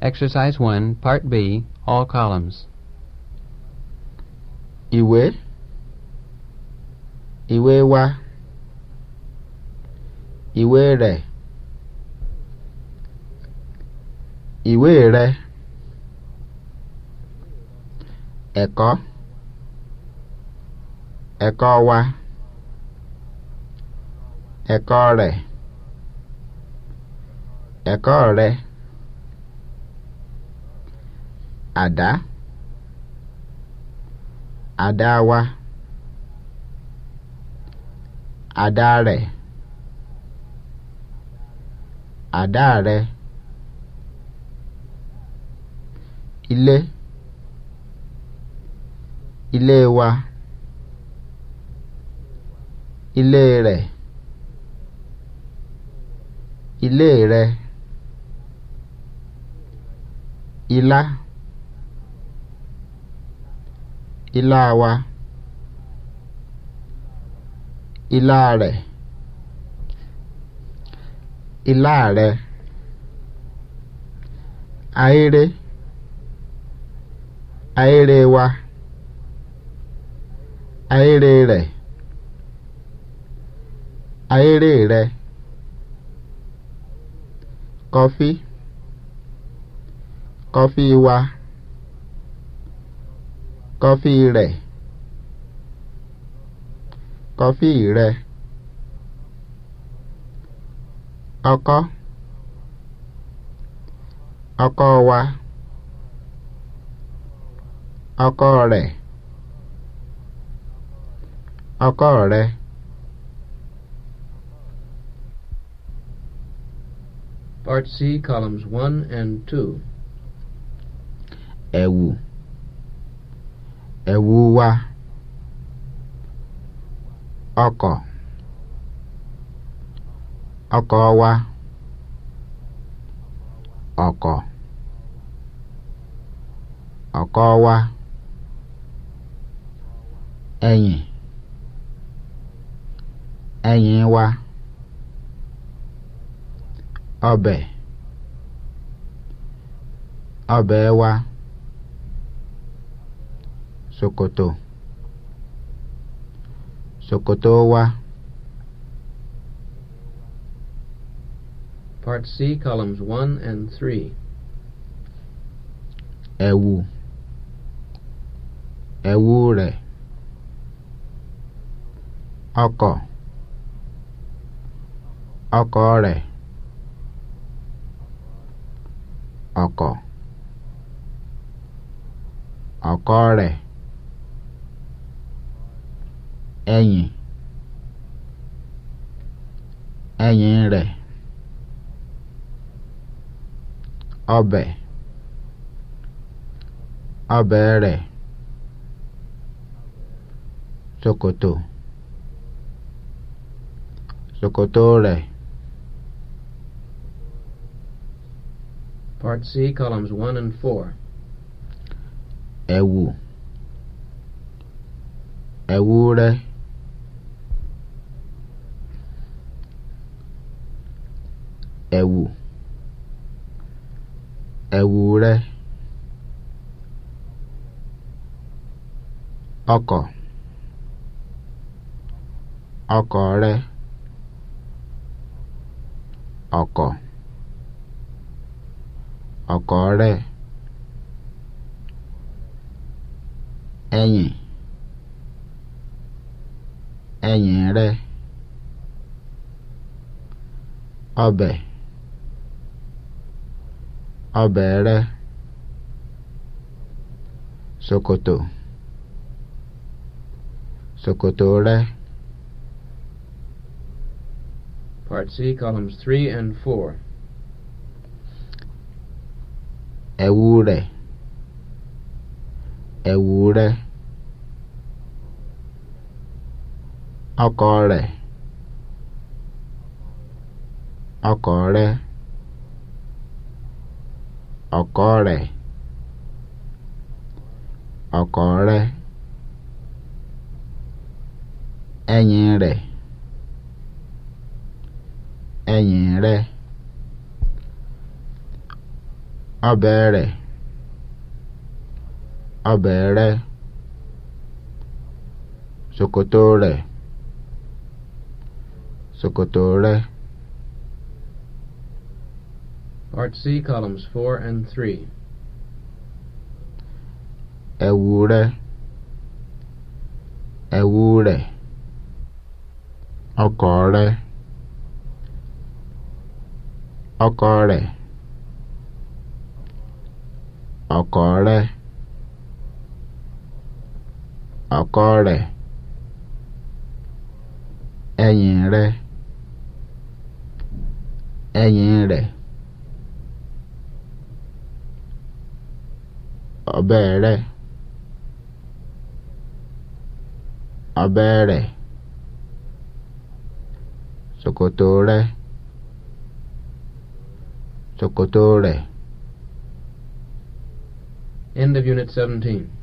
Exercise 1, Part B, all columns. Ìwé Ìwé wa Ìwé rẹ̀ Ìwé rẹ̀ Ẹ̀kọ́ Ẹ̀kọ́ wa Ẹ̀kọ́ rẹ̀ Ẹ̀kọ́ rẹ̀. Ada, Adawa, wa àdá rẹ̀ àdá rẹ̀ ilé ilé wa ilé rẹ̀ ilé rẹ̀ ilá ilá wa ilá rẹ̀ ilá rẹ̀ ahéré ahéré wa ahéré rẹ̀ ahéré rẹ̀ kọfí kọfí wa. kọfí rẹ̀ kọfí rẹ̀ ọkọ ọkọ wa ọkọ rẹ̀ ọkọ rẹ̀. Part C, columns 1 and 2. Ẹ̀wù. ewuwa ọkọ ọkọwa ọkọ ọkọwa enyi ẹ̀yìn wa ọbẹ wa. Sokoto. Sokoto wa. Part C, columns 1 and 3. Ewu. Ewu re. Oko. Oko re. Oko. Oko re ẹ̀yìn ẹ̀yìn rẹ̀ ọbẹ̀ ọbẹ̀ rẹ̀ ṣòkòtò ṣòkòtò rẹ̀. Part C, columns 1 and 4. ẹ̀wù ẹ̀wù rẹ̀. ẹ̀wù ẹ̀wù rẹ ọkọ̀ ọkọ̀ rẹ ọkọ̀ ọkọ̀ rẹ ẹ̀yìn ẹ̀yìn rẹ ọbẹ̀. Abera Sokoto Sokotora Part C, columns 3 and 4 Ewure Ewure Akore Akore occorre occorre ẹ̀yìn rẹ̀ ẹ̀yìn rẹ̀ ọbẹ̀ rẹ̀ ọbẹ̀ rẹ̀ ṣòkòtò rẹ̀ ṣòkòtò rẹ̀. Part C, columns 4 and 3. Ewure. Ewure. Okore. Okore. Okore. ọkọ rẹ ẹ̀yìn rẹ ẹ̀yìn abẹ́rẹ́ abẹ́rẹ́ sokotore sokotore End of Unit 17.